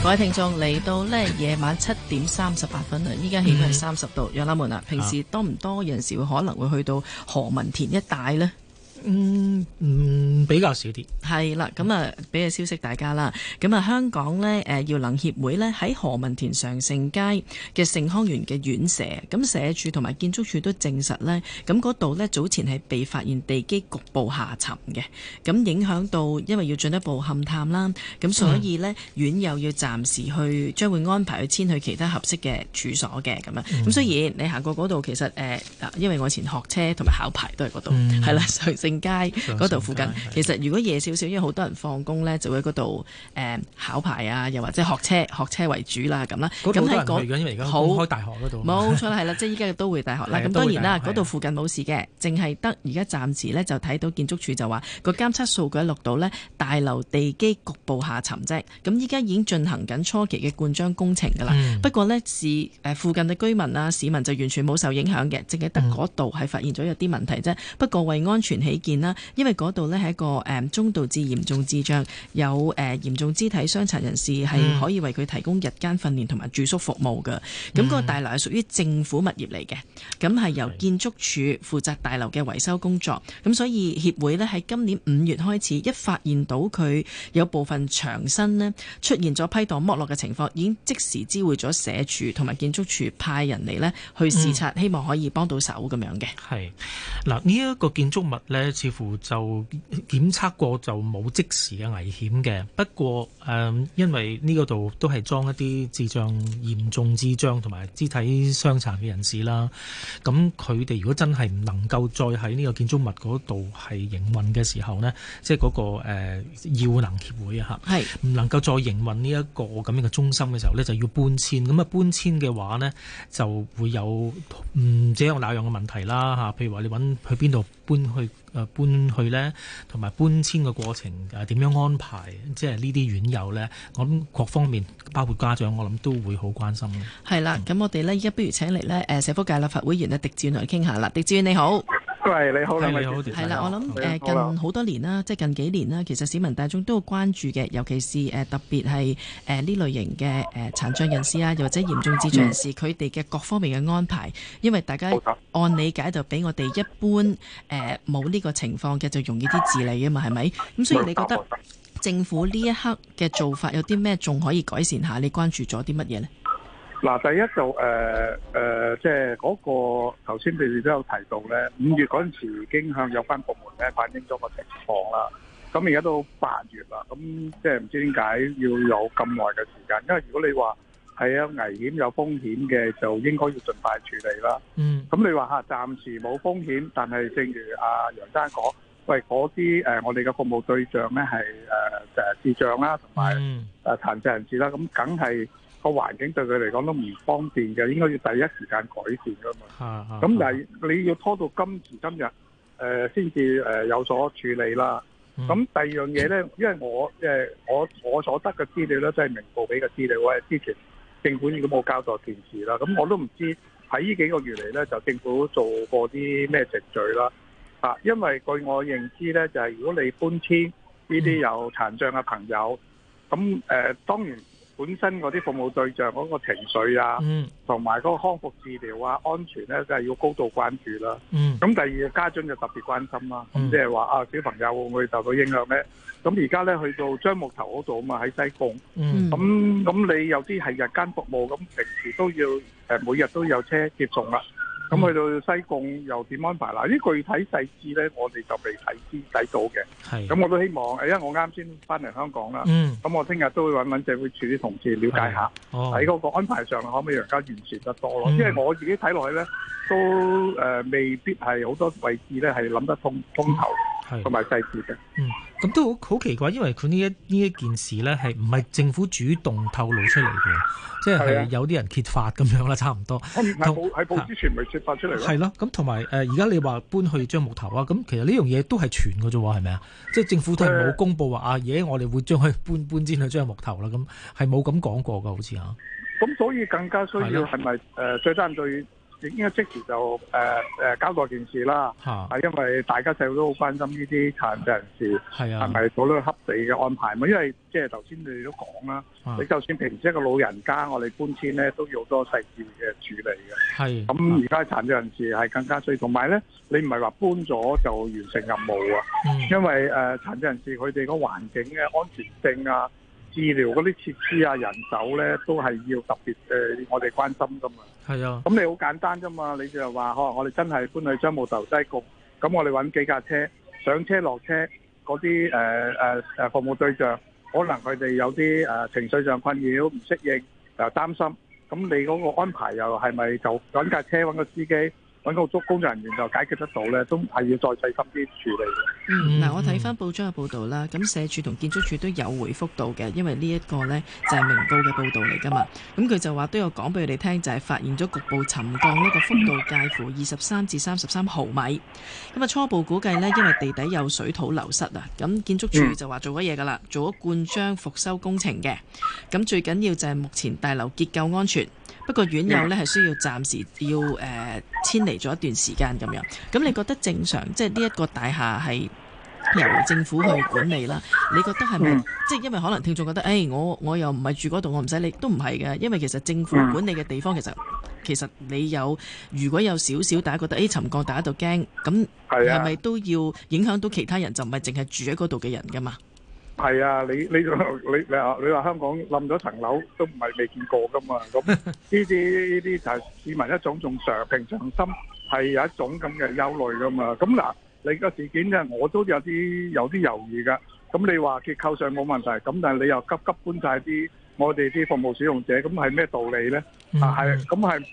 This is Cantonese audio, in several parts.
各位聽眾嚟到呢夜晚七點三十八分啦，依家氣溫係三十度，有、mm、冷 -hmm. 門啦、啊。平時多唔多？有陣時會可能會去到何文田一帶呢？嗯，嗯，比較少啲。係啦，咁、嗯、啊，俾個消息大家啦。咁啊，香港呢，要能協會耀能協會呢，喺何文田常盛街嘅盛康園嘅院舍，咁社署同埋建築處都證實呢，咁嗰度呢，早前係被發現地基局部下沉嘅，咁影響到，因為要進一步勘探啦，咁所以呢，院又要暫時去，將會安排去遷去其他合適嘅處所嘅，咁、嗯、樣。咁雖然你行過嗰度，其實誒、呃，因為我以前學車同埋考牌都係嗰度，啦、嗯，街嗰度附近，其實如果夜少少，因為好多人放工咧，就喺嗰度誒考牌啊，又或者學車學車為主啦，咁啦，咁喺公開大學度冇 錯啦，係啦，即係依家都會大學啦。咁當然啦，嗰度附近冇事嘅，淨係得而家暫時咧就睇到建築署就話個監測數據錄到呢，大樓地基局部下沉啫。咁依家已經進行緊初期嘅灌漿工程噶啦、嗯，不過呢，是誒附近嘅居民啊市民就完全冇受影響嘅，只係得嗰度係發現咗有啲問題啫、嗯。不過為安全起，見啦，因為嗰度呢係一個誒中度至嚴重智障，有誒嚴重肢體傷殘人士係可以為佢提供日間訓練同埋住宿服務嘅。咁、嗯個大樓係屬於政府物業嚟嘅，咁係由建築署負責大樓嘅維修工作。咁所以協會呢喺今年五月開始，一發現到佢有部分牆身呢出現咗批蕩剝落嘅情況，已經即時知會咗社署同埋建築署派人嚟呢去視察，希望可以幫到手咁樣嘅。係嗱呢一個建築物呢。似乎就檢測過，就冇即時嘅危險嘅。不過，嗯、因為呢個度都係裝一啲智障嚴重智障同埋肢體傷殘嘅人士啦。咁佢哋如果真係唔能夠再喺呢個建築物嗰度係營運嘅時候呢，即係嗰、嗰個誒、呃、耀能協會嚇，吓，係唔能夠再營運呢一個咁樣嘅中心嘅時候呢，就要搬遷。咁啊，搬遷嘅話呢，就會有唔這樣那樣嘅問題啦吓，譬如話你揾去邊度？搬去誒、呃、搬去咧，同埋搬遷嘅過程誒點、啊、樣安排，即係呢啲院友咧，我諗各方面包括家長，我諗都會好關心咯。係啦，咁我哋咧依家不如請嚟咧誒社福界立法會議員咧狄志遠嚟傾下啦。狄志遠你好。喂，你好。喂，你好，你好。係啦，我諗誒近好多年啦，即係近幾年啦，其實市民大眾都關注嘅，尤其是誒、呃、特別係誒呢類型嘅誒殘障人士啊，又或者嚴重智障人士，佢哋嘅各方面嘅安排，因為大家按理解就俾我哋一般誒冇呢個情況嘅就容易啲自理啊嘛，係咪？咁所以你覺得政府呢一刻嘅做法有啲咩仲可以改善下？你關注咗啲乜嘢呢？嗱，第一就誒、是、誒，即係嗰個頭先你哋都有提到咧，五月嗰陣時已經向有關部門咧反映咗個情況啦。咁而家都八月啦，咁即係唔知點解要有咁耐嘅時間？因為如果你話係有危險有風險嘅，就應該要盡快處理啦。嗯。咁你話吓暫時冇風險，但係正如阿楊生講，喂嗰啲誒我哋嘅服務對象咧係誒誒智障啦，同埋誒殘疾人士啦，咁梗係。個環境對佢嚟講都唔方便嘅，應該要第一時間改善噶嘛。咁但係你要拖到今時今日，誒、呃，先至誒有所處理啦。咁第二樣嘢咧，因為我即、呃、我我所得嘅資料咧，即係明報俾嘅資料，我係之前政府已經冇交代件事啦。咁我都唔知喺呢幾個月嚟咧，就政府做過啲咩程序啦。啊，因為據我認知咧，就係如果你搬遷呢啲有殘障嘅朋友，咁誒、 呃，當然。本身嗰啲服務對象嗰、那個情緒啊，同埋嗰個康復治療啊、安全咧，就係、是、要高度關注啦。咁、mm. 第二個家長就特別關心啦，即係話啊小朋友會唔會受到影響咧？咁而家咧去到樟木頭嗰度啊嘛，喺西貢。咁、mm. 咁你有啲係日間服務，咁平時都要誒每日都有車接送啦。咁、嗯、去到西貢又點安排啦？啲具體細節咧，我哋就未睇知睇到嘅。咁我都希望，因為我啱先翻嚟香港啦。嗯。咁我聽日都會搵搵社會處啲同事了解下，喺嗰、哦、個安排上可唔可以更加完善得多咯、嗯？因為我自己睇落去咧，都、呃、未必係好多位置咧係諗得通通透同埋細節嘅。嗯。咁都好好奇怪，因為佢呢一呢一件事咧，係唔係政府主動透露出嚟嘅？即係、就是、有啲人揭發咁樣啦，差唔多。唔係報喺報之前，咪揭發出嚟。係咯，咁同埋誒，而家你話搬去將木頭啊，咁其實呢樣嘢都係傳嘅啫，係咪啊？即係政府都係冇公布話阿爺，就是、我哋會將佢搬搬遷去將木頭啦。咁係冇咁講過嘅，好似嚇。咁所以更加需要係咪誒最爭再？應該即時就誒誒、呃呃、交代件事啦，係、啊、因為大家細路都好關心呢啲殘疾人士係咪、啊、做咗恰地嘅安排嘛？因為即係頭先你都講啦、啊，你就算平時一個老人家，我哋搬遷咧都要好多細節嘅處理嘅。係咁而家殘疾人士係更加，需要同埋咧，你唔係話搬咗就完成任務啊、嗯？因為誒殘疾人士佢哋個環境嘅安全性啊、治療嗰啲設施啊、人手咧，都係要特別誒、呃，我哋關心噶嘛。係啊，咁你好簡單啫嘛？你就話，可能我哋真係搬去商務頭低局，咁我哋揾幾架車上車落車，嗰啲誒誒誒服務對象，可能佢哋有啲誒、呃、情緒上困擾，唔適應又擔、呃、心，咁你嗰個安排又係咪就揾架車揾個司機？揾個足工作人員就解決得到呢？都係要再細心啲處理。嗯、嗱、嗯嗯啊，我睇翻報章嘅報導啦，咁社署同建築署都有回覆到嘅，因為呢一個呢就係、是、明報嘅報導嚟噶嘛。咁佢就話都有講俾佢哋聽，就係、是、發現咗局部沉降呢個幅度介乎二十三至三十三毫米。咁啊初步估計呢，因為地底有水土流失啊。咁建築署就話做咗嘢噶啦，做咗灌漿復修工程嘅。咁最緊要就係目前大樓結構安全。不過院友呢係需要暫時要誒遷離咗一段時間咁樣。咁你覺得正常？即係呢一個大廈係由政府去管理啦。你覺得係咪、嗯？即係因為可能聽眾覺得，誒、哎、我我又唔係住嗰度，我唔使理都唔係嘅。因為其實政府管理嘅地方，嗯、其實其實你有如果有少少，大家覺得誒沉降，哎、大家就驚咁，係咪都要影響到其他人？就唔係淨係住喺嗰度嘅人㗎嘛。係啊，你你你你話你話香港冧咗層樓都唔係未見過噶嘛？咁呢啲呢啲就係市民一種正常平常心，係有一種咁嘅憂慮噶嘛？咁嗱，你個事件咧，我都有啲有啲猶豫噶。咁你話結構上冇問題，咁但係你又急急搬晒啲我哋啲服務使用者，咁係咩道理咧，嗯嗯？啊，係咁係誒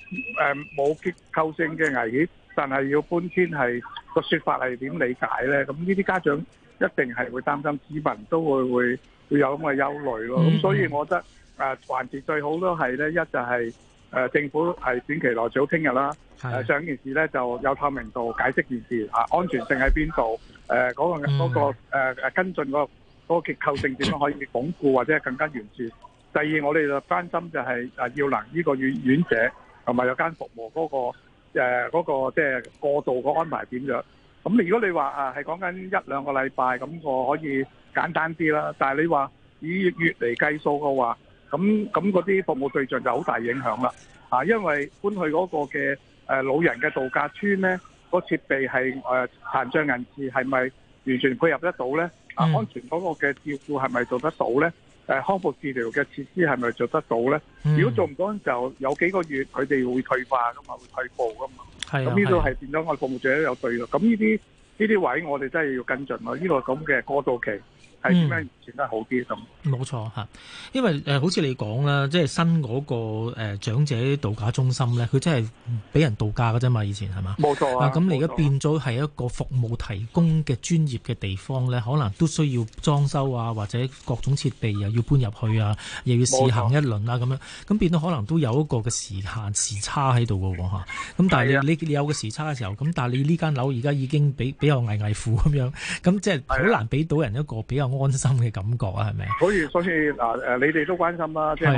冇結構性嘅危險，但係要搬遷係個說法係點理解咧？咁呢啲家長。一定係會擔心，市民都會會會有咁嘅憂慮咯，咁、mm -hmm. 嗯、所以我覺得誒還是最好都係咧一就係、是、誒、呃、政府係短期內最好聽日啦，誒、呃、上件事咧就有透明度解釋件事嚇、啊、安全性喺邊度誒嗰個嗰個、mm -hmm. 呃、跟進個嗰、那個結構性點樣可以鞏固或者更加完善。第二我哋就擔心就係、是、誒、呃、要能呢個院院舍同埋有關服務嗰、那個誒即係過渡嘅安排點樣？咁如果你話啊係講緊一兩個禮拜，咁我可以簡單啲啦。但係你話以月嚟計數嘅話，咁咁嗰啲服務對象就好大影響啦。啊，因為搬去嗰個嘅誒老人嘅度假村咧，個設備係誒殘障人士係咪完全配合得到咧？啊、mm.，安全嗰個嘅照顧係咪做得到咧？誒康復治療嘅設施係咪做得到咧？Mm. 如果做唔到，就有幾個月佢哋會退化噶嘛，會退步噶嘛。咁呢度係變咗我哋服務者有對嘅。咁呢啲呢啲位我哋真係要跟進咯，呢個咁嘅過渡期。係點得好啲咁？冇錯，因為、呃、好似你講啦，即係新嗰、那個長、呃、長者度假中心咧，佢真係俾人度假㗎啫嘛。以前係嘛？冇錯啊。咁你而家變咗係一個服務提供嘅專業嘅地方咧，可能都需要裝修啊，或者各種設備又、啊、要搬入去啊，又要試行一輪啊。咁、啊、樣。咁變到可能都有一個嘅時限時差喺度嘅喎。咁但係你你有個時差嘅時候，咁但係你呢間樓而家已經比比較危危乎咁樣，咁即係好難俾到人一個比較。安心嘅感覺啊，係咪？好似所以嗱誒、呃，你哋都關心啦，即係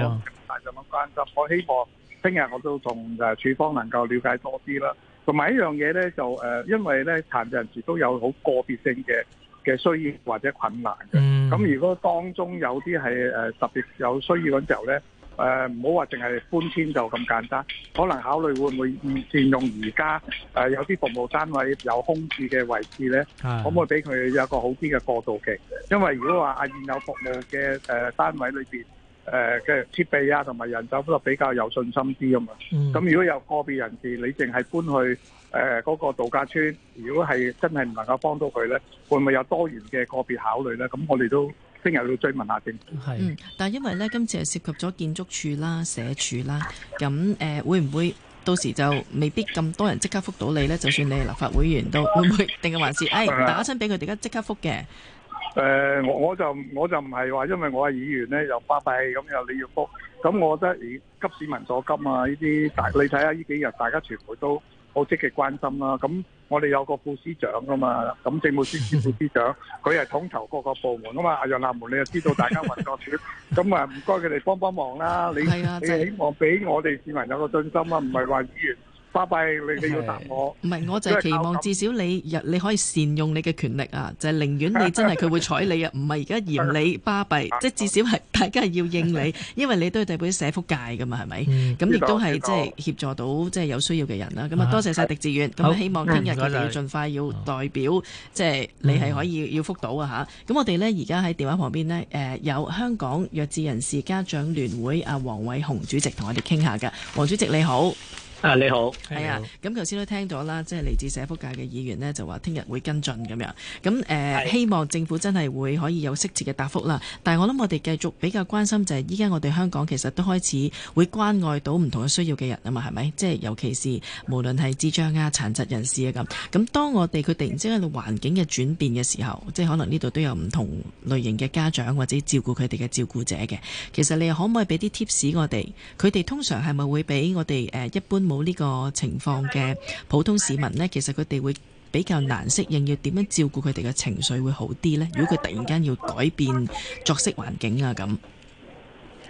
大大咁關心。我希望聽日我都同誒處方能夠了解多啲啦。同埋一樣嘢咧，就誒、呃，因為咧殘疾人士都有好個別性嘅嘅需要或者困難嘅。咁、嗯、如果當中有啲係誒特別有需要嗰陣時候咧，誒唔好話淨係搬遷就咁簡單，可能考慮會唔會佔用而家誒有啲服務單位有空置嘅位置呢？可唔可以俾佢有個好啲嘅過渡期？因為如果話阿現有服務嘅誒、呃、單位裏面誒嘅、呃、設備啊同埋人手都比較有信心啲啊嘛，咁、嗯、如果有個別人士你淨係搬去誒嗰、呃嗰個度假村，如果係真係唔能夠幫到佢呢，會唔會有多元嘅個別考慮呢？咁我哋都。聽日去追問下先。係。嗯，但係因為咧，今次係涉及咗建築署啦、社署啦，咁誒、呃，會唔會到時就未必咁多人即刻覆到你咧？就算你係立法會員都，會唔會定的？定係還是誒、哎、打親俾佢哋，而家即刻覆嘅？誒、呃，我就我就我就唔係話，因為我係議員咧，又巴閉咁又你要覆，咁我覺得而急市民所急啊！呢啲大，你睇下呢幾日大家全部都。我積極關心啦、啊，咁我哋有個副司長啊嘛，咁政務司司副司長佢係統籌各個部門啊嘛，阿楊立門你就知道大家運作處，咁 啊唔該佢哋幫幫忙啦、啊， 你 你希望俾我哋市民有個信心啊，唔係話議員。巴閉，你要答我。唔係，我就係期望至少你日你可以善用你嘅權力啊，就係、是、寧願你真係佢會睬你啊，唔係而家嫌你巴閉，即 係、就是、至少係大家係要應你， 因為你都要代表社福界噶嘛，係咪？咁、嗯、亦、嗯、都係即係協助到即係、就是、有需要嘅人啦。咁啊，多謝晒狄志遠咁，希望聽日佢哋要盡快要代表，即、嗯、係、就是、你係可以、嗯、要覆到啊吓，咁我哋呢，而家喺電話旁邊呢，誒、呃、有香港弱智人士家長聯會啊，黃偉雄主席同我哋傾下嘅。黃主席你好。啊，你好，係啊，咁頭先都聽咗啦，即係嚟自社福界嘅議員呢，就話聽日會跟進咁樣，咁誒、呃、希望政府真係會可以有適切嘅答覆啦。但係我諗我哋繼續比較關心就係依家我哋香港其實都開始會關愛到唔同嘅需要嘅人啊嘛，係咪？即係尤其是無論係智障啊、殘疾人士啊咁。咁當我哋佢突然之間喺度環境嘅轉變嘅時候，即係可能呢度都有唔同類型嘅家長或者照顧佢哋嘅照顧者嘅。其實你又可唔可以俾啲 tips 我哋？佢哋通常係咪會俾我哋誒、呃、一般？冇呢個情況嘅普通市民咧，其實佢哋會比較難適應，要點樣照顧佢哋嘅情緒會好啲咧？如果佢突然間要改變作息環境啊咁，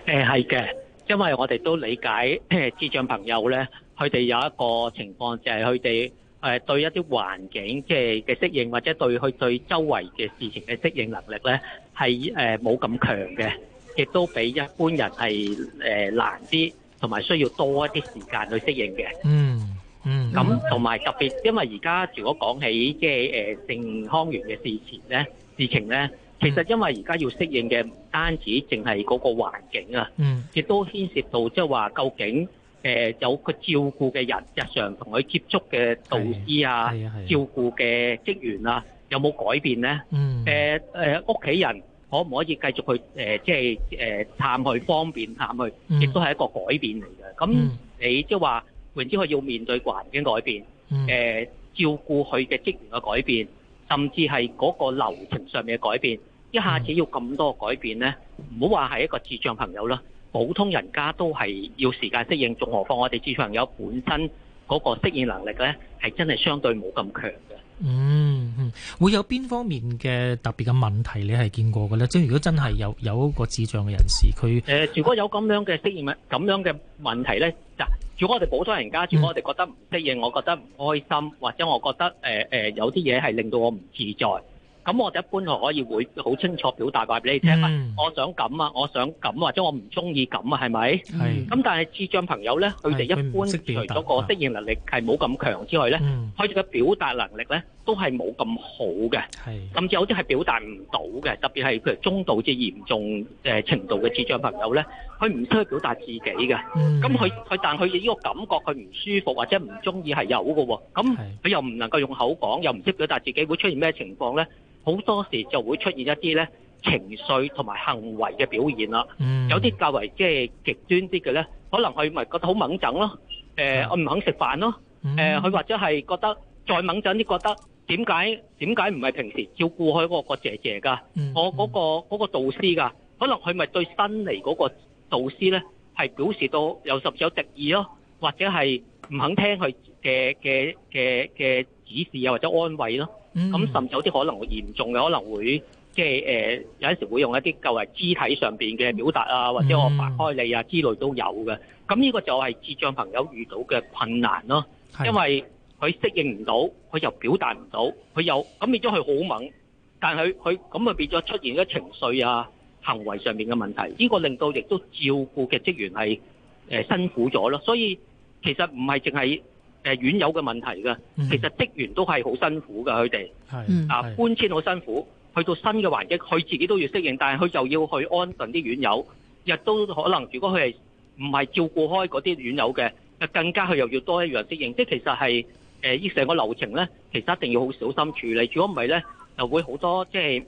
誒係嘅，因為我哋都理解智障朋友咧，佢哋有一個情況就係佢哋誒對一啲環境即係嘅適應，或者對佢對周圍嘅事情嘅適應能力咧，係誒冇咁強嘅，亦都比一般人係誒難啲。同埋需要多一啲時間去適應嘅。嗯嗯。咁同埋特別，因為而家如果講起即係盛康園嘅事前咧，事情咧，其實因為而家要適應嘅唔單止淨係嗰個環境啊，嗯，亦都牽涉到即係話究竟誒、呃、有個照顧嘅人，日常同佢接觸嘅導師啊，係啊、係啊、照顧嘅職員啊，有冇改變咧？嗯。誒屋企人。可唔可以繼續去誒、呃？即係誒、呃、探佢方便探佢，探佢亦都係一個改變嚟嘅。咁、mm -hmm. 你即係話，然之後要面對環境改變，mm -hmm. 呃、照顧佢嘅職員嘅改變，甚至係嗰個流程上面嘅改變，一下子要咁多改變咧，唔好話係一個智障朋友啦，普通人家都係要時間適應，仲何況我哋智障朋友本身嗰個適應能力咧，係真係相對冇咁強嘅。嗯、mm -hmm.。會有邊方面嘅特別嘅問題你係見過嘅咧？即係如果真係有有一個智障嘅人士，佢誒、呃，如果有咁樣嘅適應咁樣嘅問題咧，就如果我哋普通人家，如果我哋覺得唔適應，我覺得唔開心，或者我覺得誒誒、呃呃，有啲嘢係令到我唔自在。咁我哋一般係可以會好清楚表達話俾你聽啦。我想咁啊，我想咁或者我唔中意咁啊，係咪？係。咁但係智障朋友咧，佢哋一般除咗個適應能力係冇咁強之外咧，佢哋嘅表達能力咧都係冇咁好嘅。係。甚至有啲係表達唔到嘅，特別係譬如中度至嚴重誒程度嘅智障朋友咧，佢唔識去表達自己嘅。嗯。咁佢佢但係佢呢個感覺佢唔舒服或者唔中意係有嘅喎。係。咁佢又唔能夠用口講，又唔識表達自己，會出現咩情況咧？好多時就會出現一啲咧情緒同埋行為嘅表現啦。有啲較為即係極端啲嘅咧，可能佢咪覺得好掹憎咯。誒，我唔肯食飯咯。誒，佢或者係覺得再掹憎啲，覺得點解點解唔係平時照顧佢嗰個姐姐㗎？我嗰個嗰個導師㗎，可能佢咪對新嚟嗰個導師咧係表示到有甚至有敵意咯，或者係唔肯聽佢嘅嘅嘅嘅指示啊，或者安慰咯。咁、嗯、甚至有啲可能嚴重嘅，可能會即係誒、呃、有陣時會用一啲較為肢體上面嘅表達啊，或者我掰開你啊之類都有嘅。咁呢個就係智障朋友遇到嘅困難咯，因為佢適應唔到，佢又表達唔到，佢又咁變咗佢好猛，但係佢佢咁啊變咗出現咗情緒啊行為上面嘅問題，呢個令到亦都照顧嘅職員係誒、呃、辛苦咗咯。所以其實唔係淨係。係、呃、院友嘅問題嘅、嗯，其實職員都係好辛苦嘅，佢哋啊搬遷好辛苦，去到新嘅環境，佢自己都要適應，但係佢就要去安頓啲院友，亦都可能，如果佢係唔係照顧開嗰啲院友嘅，就更加佢又要多一樣適應，即係其實係誒呢成個流程咧，其實一定要好小心處理，如果唔係咧，就會好多即係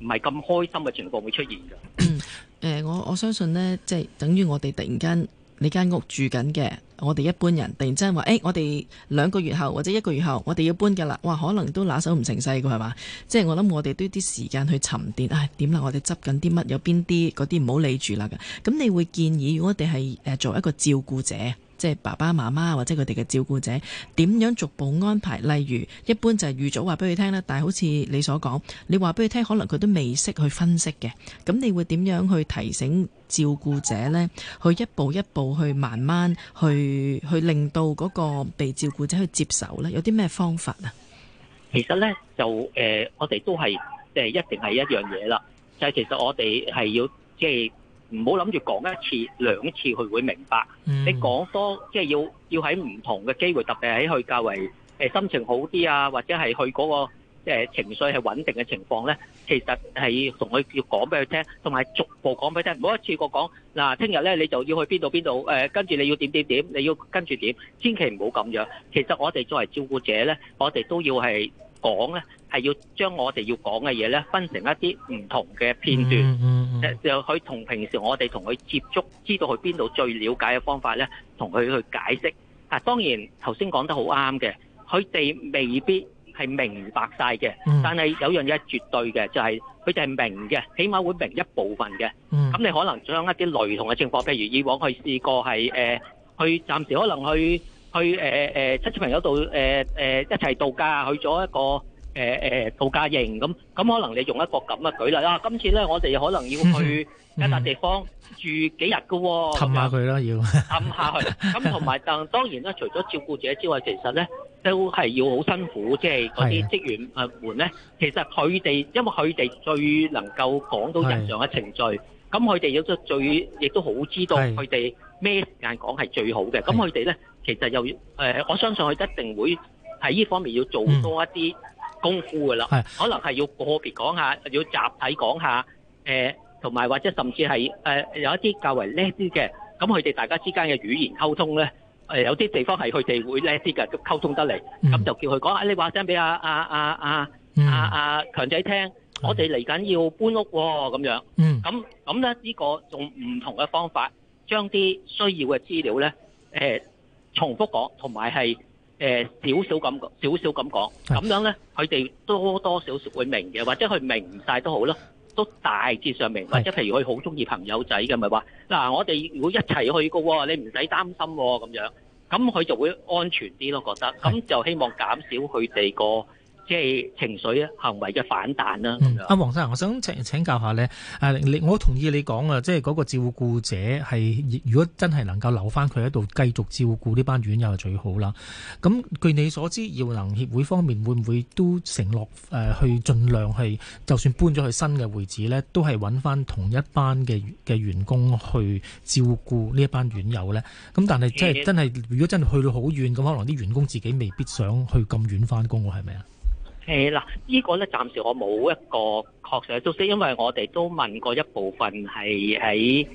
唔係咁開心嘅情況會出現嘅。嗯 呃，我我相信咧，即係等於我哋突然間呢間屋住緊嘅。我哋一般人突然間話，誒、哎，我哋兩個月後或者一個月後，我哋要搬噶啦，哇，可能都拿手唔成勢噶係嘛，即係我諗我哋都要啲時間去沉澱，唉、哎，點啦，我哋執緊啲乜，有邊啲嗰啲唔好理住啦嘅，咁你會建議如果我哋係誒做一個照顧者？即係爸爸媽媽或者佢哋嘅照顧者點樣逐步安排？例如一般就係預早話俾佢聽啦，但係好似你所講，你話俾佢聽，可能佢都未識去分析嘅。咁你會點樣去提醒照顧者呢？去一步一步去慢慢去去令到嗰個被照顧者去接受呢？有啲咩方法啊？其實呢，就誒、呃，我哋都係誒，一定係一樣嘢啦。就係其實我哋係要即係。唔好諗住講一次兩次，佢會明白。你講多即係要要喺唔同嘅機會，特別喺佢較為誒心情好啲啊，或者係佢嗰個誒情緒係穩定嘅情況咧，其實係要同佢要講俾佢聽，同埋逐步講俾佢聽，唔好一次過講嗱。聽日咧，你就要去邊度邊度誒，跟住你要點點點，你要跟住點，千祈唔好咁樣。其實我哋作為照顧者咧，我哋都要係。講咧係要將我哋要講嘅嘢咧分成一啲唔同嘅片段，誒、嗯嗯嗯啊、就去同平時我哋同佢接觸，知道去邊度最了解嘅方法咧，同佢去解釋。啊，當然頭先講得好啱嘅，佢哋未必係明白晒嘅，但係有樣嘢係絕對嘅就係佢哋係明嘅，起碼會明一部分嘅。咁、嗯、你可能將一啲雷同嘅情況，譬如以往佢試過係誒，佢、呃、暫時可能去。去誒誒親戚朋友度誒誒一齊度假啊！去咗一個誒誒度假營咁咁，可能你用一個咁嘅舉例啦。今次咧，我哋可能要去一笪地方住幾日㗎喎。氹下佢啦，要氹下佢。咁同埋誒當然咧，除咗照顧者之外，其實咧都係要好辛苦，即係嗰啲職員啊們咧。其實佢哋因為佢哋最能夠講到日常嘅程序，咁佢哋亦都最，亦都好知道佢哋。咩時間講係最好嘅？咁佢哋咧，其實又誒，我相信佢一定會喺呢方面要做多一啲功夫噶啦。係，可能係要個別講下，要集體講下。誒，同埋或者甚至係誒，有一啲較為叻啲嘅，咁佢哋大家之間嘅語言溝通咧，誒有啲地方係佢哋會叻啲嘅，咁溝通得嚟，咁就叫佢講啊，你話聲俾阿阿阿阿阿阿強仔聽，我哋嚟緊要搬屋喎，咁樣。嗯。咁咁咧，呢個用唔同嘅方法。將啲需要嘅資料咧，誒，重複講，同埋係誒少少咁講，少少咁講，咁樣咧，佢哋多多少少會明嘅，或者佢明唔晒都好啦，都大致上明。或者譬如佢好中意朋友仔嘅咪話，嗱，我哋如果一齊去嘅喎，你唔使擔心喎，咁樣，咁佢就會安全啲咯，覺得，咁就希望減少佢哋個。即係情緒、嗯、啊，行為嘅反彈啦。阿黃生，我想請請教一下呢。誒、啊，我同意你講啊，即係嗰個照顧者係，如果真係能夠留翻佢喺度繼續照顧呢班院友，係最好啦。咁據你所知，耀能協會方面會唔會都承諾誒、啊、去盡量去，就算搬咗去新嘅會址呢，都係揾翻同一班嘅嘅員工去照顧呢一班院友呢？咁但係真係真係，如果真係去到好遠咁，可能啲員工自己未必想去咁遠翻工喎？係咪啊？誒、這、嗱、個，呢個咧暫時我冇一個確實嘅消息，因為我哋都問過一部分係喺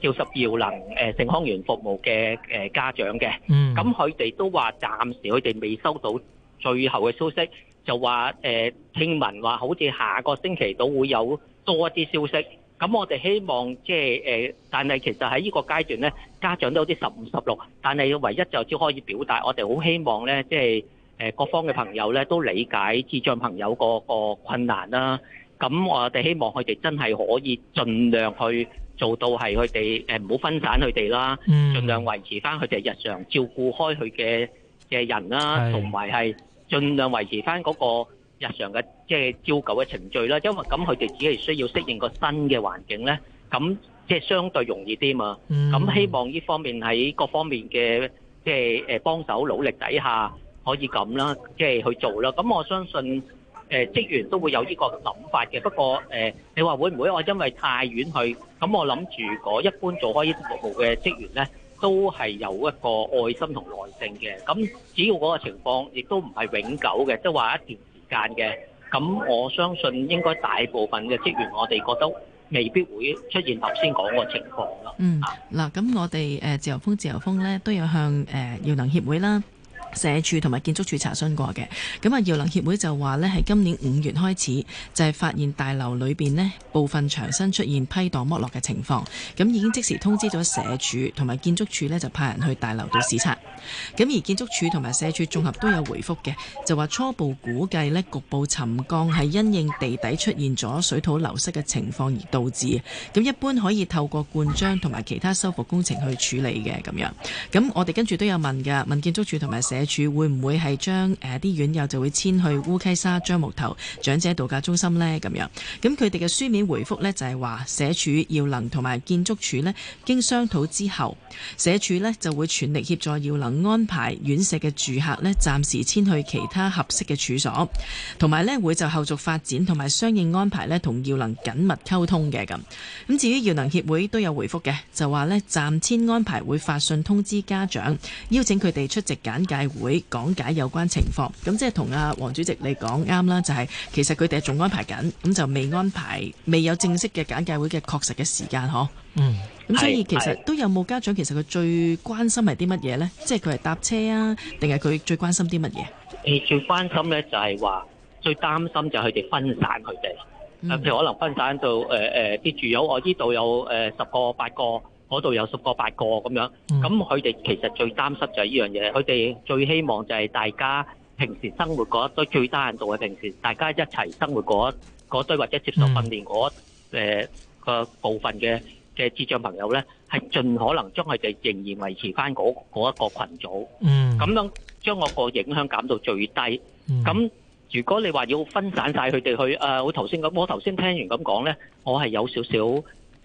誒兆十耀能、誒、呃、盛康園服務嘅誒、呃、家長嘅，咁佢哋都話暫時佢哋未收到最後嘅消息，就話誒、呃、聽聞話好似下個星期都會有多一啲消息，咁我哋希望即係誒、呃，但係其實喺呢個階段咧，家長都有啲十五十六，16，但係唯一就只可以表達，我哋好希望咧即係。誒，各方嘅朋友咧都理解智障朋友個個困難啦。咁我哋希望佢哋真係可以盡量去做到係佢哋誒唔好分散佢哋啦，盡量維持翻佢哋日常照顧開佢嘅嘅人啦，同埋係盡量維持翻嗰個日常嘅即係照舊嘅程序啦。因為咁佢哋只係需要適應個新嘅環境咧，咁即係相對容易啲嘛。咁希望呢方面喺各方面嘅即係誒幫手努力底下。可以咁啦，即係去做啦。咁我相信誒職員都會有呢個諗法嘅。不過誒，你話會唔會我因為太遠去？咁我諗住嗰一般做開呢啲服務嘅職員咧，都係有一個愛心同耐性嘅。咁只要嗰個情況亦都唔係永久嘅，即係話一段時間嘅。咁我相信應該大部分嘅職員，我哋覺得未必會出現頭先講個情況咯。嗯，嗱，咁我哋誒自由風自由風咧，都有向誒耀能協會啦。社署同埋建築署查詢過嘅，咁啊，耀能協會就話呢，喺今年五月開始就係、是、發現大樓裏邊呢部分牆身出現批盪剝落嘅情況，咁已經即時通知咗社署同埋建築署呢，就派人去大樓度視察。咁而建築署同埋社署綜合都有回覆嘅，就話初步估計呢局部沉降係因應地底出現咗水土流失嘅情況而導致。咁一般可以透過灌漿同埋其他修復工程去處理嘅咁樣。咁我哋跟住都有問㗎，問建築署同埋社署會唔會係將啲院友就會遷去烏溪沙樟木頭長者度假中心呢？咁樣？咁佢哋嘅書面回覆呢，就係話社署、耀能同埋建築署呢，經商討之後，社署呢就會全力協助耀能。安排院舍嘅住客呢，暫時遷去其他合適嘅處所，同埋呢會就後續發展同埋相應安排呢，同耀能緊密溝通嘅咁。咁至於耀能協會都有回覆嘅，就話呢，暫遷安排會發信通知家長，邀請佢哋出席簡介會講解有關情況。咁即係同阿黃主席你講啱啦，就係、是、其實佢哋仲安排緊，咁就未安排未有正式嘅簡介會嘅確實嘅時間嗬。嗯。咁所以其實都有冇家長，其實佢最關心係啲乜嘢咧？即係佢係搭車啊，定係佢最關心啲乜嘢？誒，最關心咧就係話最擔心就係佢哋分散佢哋。誒，譬如可能分散到誒誒啲住友，我依度有誒十個八個，嗰度有十個八個咁樣。咁佢哋其實最擔心就係依樣嘢，佢哋最希望就係大家平時生活嗰一堆最低限度嘅平時大家一齊生活嗰嗰堆或者接受訓練嗰誒個部分嘅嘅智障朋友咧，係盡可能將佢哋仍然維持返嗰嗰一個羣組，咁樣將我個影響減到最低。咁如果你話要分散曬佢哋去，誒我頭先咁，我頭先聽完咁講咧，我係有少少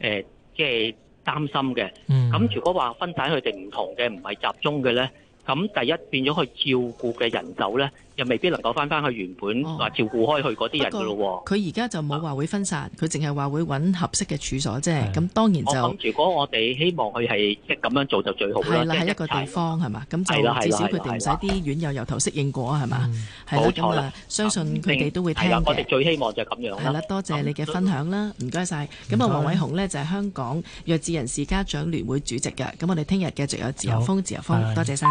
誒，即係擔心嘅。咁如果話分散佢哋唔同嘅，唔係集中嘅咧，咁第一變咗去照顧嘅人手咧。又未必能夠翻翻去原本話照顧開去嗰啲人嘅咯喎。佢而家就冇話會分散，佢淨係話會揾合適嘅處所啫。咁當然就如果我哋希望佢係即係咁樣做就最好啦。係啦，喺一個地方係嘛？咁就至少佢哋唔使啲院友由頭適應過係嘛？冇錯啦，相信佢哋都會聽嘅。係啦，我哋最希望就係咁樣啦。係啦，多謝你嘅分享啦，唔該曬。咁啊，黃偉雄呢就係香港弱智人士家長聯會主席嘅。咁我哋聽日繼續有自由風，自由風，多謝曬。